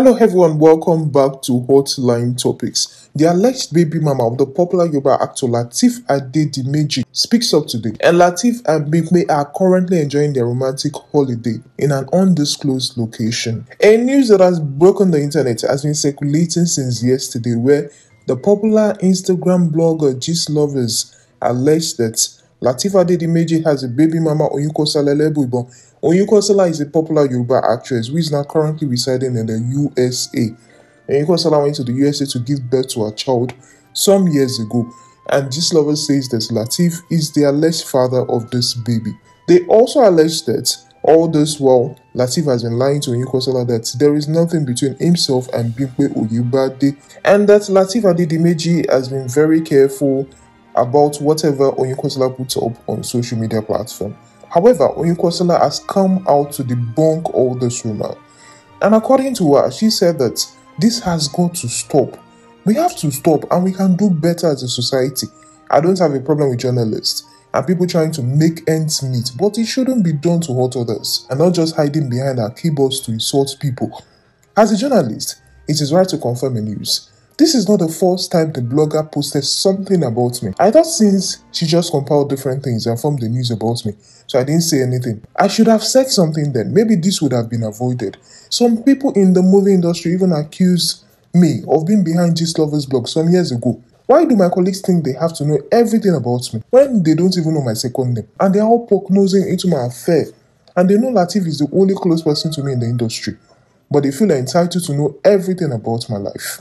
Hello everyone, welcome back to Hotline Topics. The alleged baby mama of the popular Yoruba actor Latif Adedimeji speaks up today, and Latif and Bigme are currently enjoying their romantic holiday in an undisclosed location. A news that has broken the internet has been circulating since yesterday, where the popular Instagram blogger Gist Lovers alleged that Latif Adedimeji has a baby mama Oyinko Salelebuibon Oyinkansola is a popular Yoruba actress who is now currently residing in the USA. Oyinkansola went to the USA to give birth to her child some years ago, and this lover says that Latif is the alleged father of this baby. They also allege that all this while, Latif has been lying to Oyinkansola that there is nothing between himself and Bimpe Oyubade, and that Latif Adedimeji has been very careful about whatever Oyinkansola puts up on social media platform. However, Oyukosela has come out to debunk all this rumor. And according to her, she said that this has got to stop. We have to stop and we can do better as a society. I don't have a problem with journalists and people trying to make ends meet, but it shouldn't be done to hurt others and not just hiding behind our keyboards to insult people. As a journalist, it is right to confirm the news. This is not the first time the blogger posted something about me. I thought since she just compiled different things and formed the news about me, so I didn't say anything. I should have said something then. Maybe this would have been avoided. Some people in the movie industry even accused me of being behind this Lovers blog some years ago. Why do my colleagues think they have to know everything about me when they don't even know my second name? And they are all poke nosing into my affair. And they know Latif is the only close person to me in the industry. But they feel entitled to know everything about my life.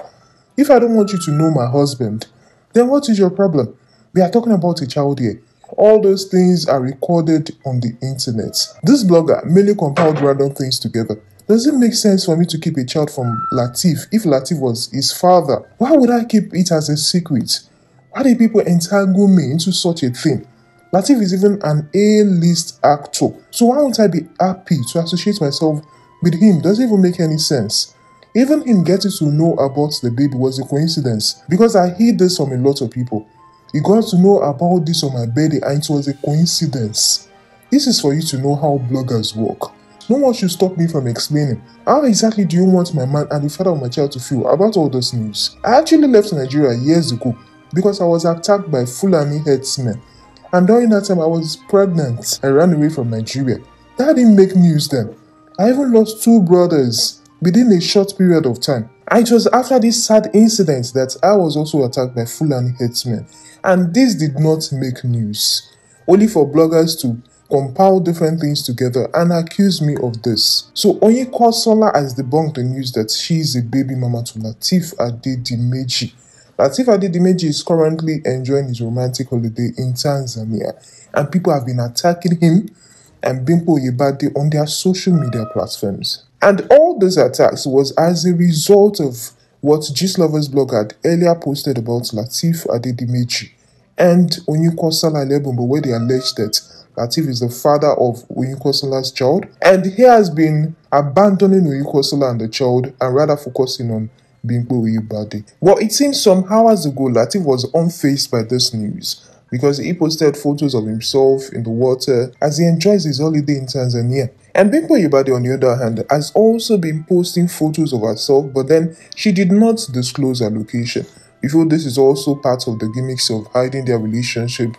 If I don't want you to know my husband, then what is your problem? We are talking about a child here. All those things are recorded on the internet. This blogger merely compiled random things together. Does it make sense for me to keep a child from Latif if Latif was his father? Why would I keep it as a secret? Why do people entangle me into such a thing? Latif is even an A list actor, so why won't I be happy to associate myself with him? Doesn't even make any sense. Even in getting to know about the baby was a coincidence because I hid this from a lot of people. You got to know about this on my baby, and it was a coincidence. This is for you to know how bloggers work. No one should stop me from explaining. How exactly do you want my man and the father of my child to feel about all this news? I actually left Nigeria years ago because I was attacked by Fulani headsmen. And during that time, I was pregnant. I ran away from Nigeria. That didn't make news then. I even lost two brothers within a short period of time. It was after this sad incident that I was also attacked by Fulani headsmen, and this did not make news, only for bloggers to compile different things together and accuse me of this. So Onyekwa Sola has debunked the news that she is a baby mama to Latif Adedimeji. Latif Adedimeji is currently enjoying his romantic holiday in Tanzania, and people have been attacking him and Bimpo Yebade on their social media platforms. And these attacks was as a result of what Lovers blog had earlier posted about Latif Adedimechi and Onyekosala Lebumbo, where they alleged that Latif is the father of Onyekosala's child, and he has been abandoning Onyekosala and the child and rather focusing on Bimbo Uyubade. Well, it seems some hours ago Latif was unfazed by this news because he posted photos of himself in the water as he enjoys his holiday in Tanzania. And Bimpo Yubade, on the other hand, has also been posting photos of herself, but then she did not disclose her location. We feel this is also part of the gimmicks of hiding their relationship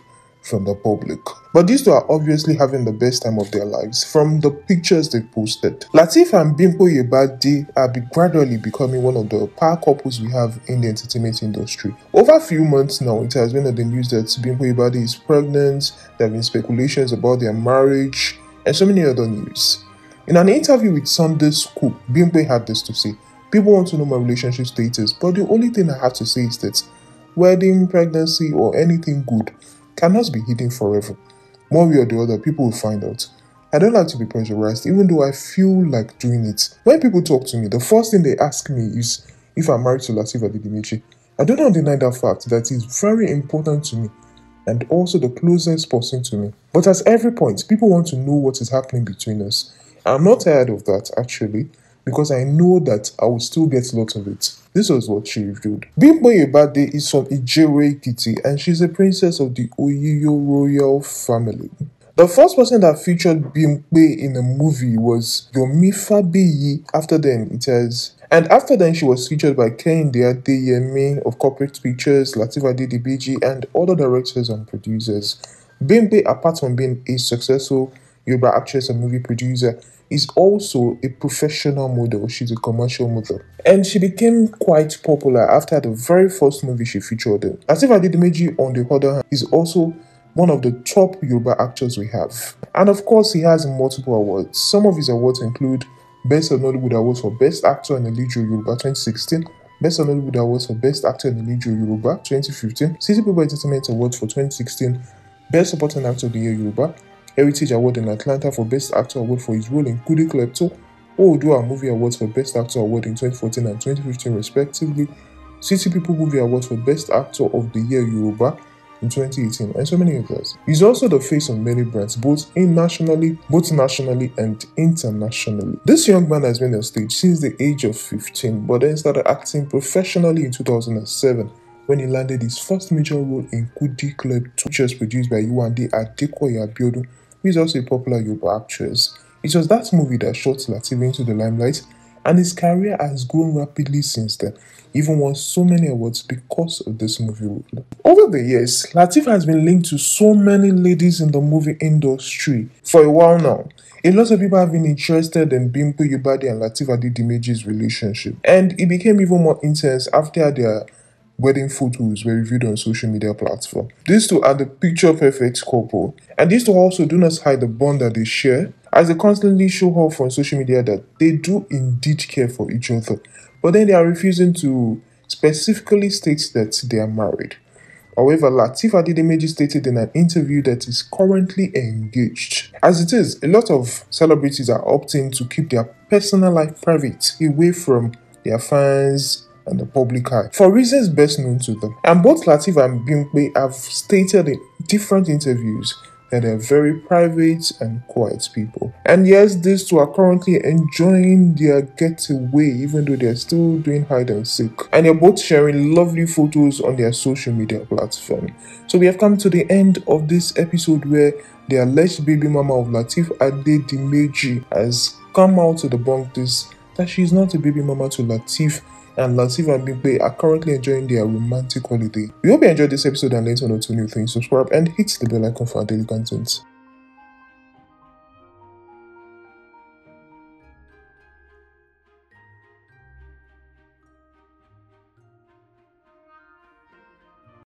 from the public. But these two are obviously having the best time of their lives from the pictures they posted. Latif and Bimpo Yebadi are be gradually becoming one of the power couples we have in the entertainment industry. Over a few months now, it has been in the news that Bimpo Yebadi is pregnant, there have been speculations about their marriage, and so many other news. In an interview with Sunday Scoop, Bimbo had this to say People want to know my relationship status, but the only thing I have to say is that wedding, pregnancy, or anything good cannot be hidden forever. One way or the other, people will find out. I don't like to be pressurized, even though I feel like doing it. When people talk to me, the first thing they ask me is if I'm married to Latifa Dimitri. I do not deny that fact that is very important to me and also the closest person to me. But at every point, people want to know what is happening between us. I'm not tired of that, actually because I know that I will still get lots of it. This was what she revealed. Bimboye Yebade is from Ijere Kitty and she's a princess of the Oyiyo royal family. The first person that featured Bimbe in a movie was Yomi Fabiyi. After then, it has and after then, she was featured by Kehinde Adeyemi of Corporate Pictures, Lateef Adedibeji, and other directors and producers. Bimbe, apart from being a successful Yoruba actress and movie producer, is also a professional model. She's a commercial model. And she became quite popular after the very first movie she featured in. did Adedimeji, on the other hand, is also one of the top Yoruba actors we have. And of course, he has multiple awards. Some of his awards include Best of Nollywood Awards for Best Actor in the Lead Yoruba 2016, Best of Nollywood Awards for Best Actor in the Lead Yoruba 2015, City People Entertainment Awards for 2016, Best Supporting Actor of the Year Yoruba, Heritage Award in Atlanta for Best Actor Award for his role in Coup de Klepto, our Movie Awards for Best Actor Award in 2014 and 2015 respectively, City People Movie Award for Best Actor of the Year Yoruba in 2018 and so many others. He's also the face of many brands, both in nationally, both nationally and internationally. This young man has been on stage since the age of 15, but then started acting professionally in 2007 when he landed his first major role in Kudi Club 2, which was produced by Yuande Adekoya Abiodun who is also a popular Yoruba actress. It was that movie that shot Latifa into the limelight, and his career has grown rapidly since then. He even won so many awards because of this movie. Over the years, Latifa has been linked to so many ladies in the movie industry for a while now. A lot of people have been interested in Bimpo Yubadi and Latifa Didimeji's relationship, and it became even more intense after their wedding photos were reviewed on social media platform. These two are the picture perfect couple, and these two also do not hide the bond that they share, as they constantly show off on social media that they do indeed care for each other, but then they are refusing to specifically state that they are married. However, Latif Adedimeji stated in an interview that is currently engaged. As it is, a lot of celebrities are opting to keep their personal life private, away from their fans and the public eye for reasons best known to them. And both Latif and Bimpe have stated in different interviews that they're very private and quiet people. And yes, these two are currently enjoying their getaway, even though they're still doing hide and seek. And they're both sharing lovely photos on their social media platform. So we have come to the end of this episode where the alleged baby mama of Latif Ade Dimeji has come out to the this that she's not a baby mama to Latif and Latif and Big are currently enjoying their romantic holiday. We hope you enjoyed this episode and learned one or two new things. Subscribe and hit the bell icon for daily content.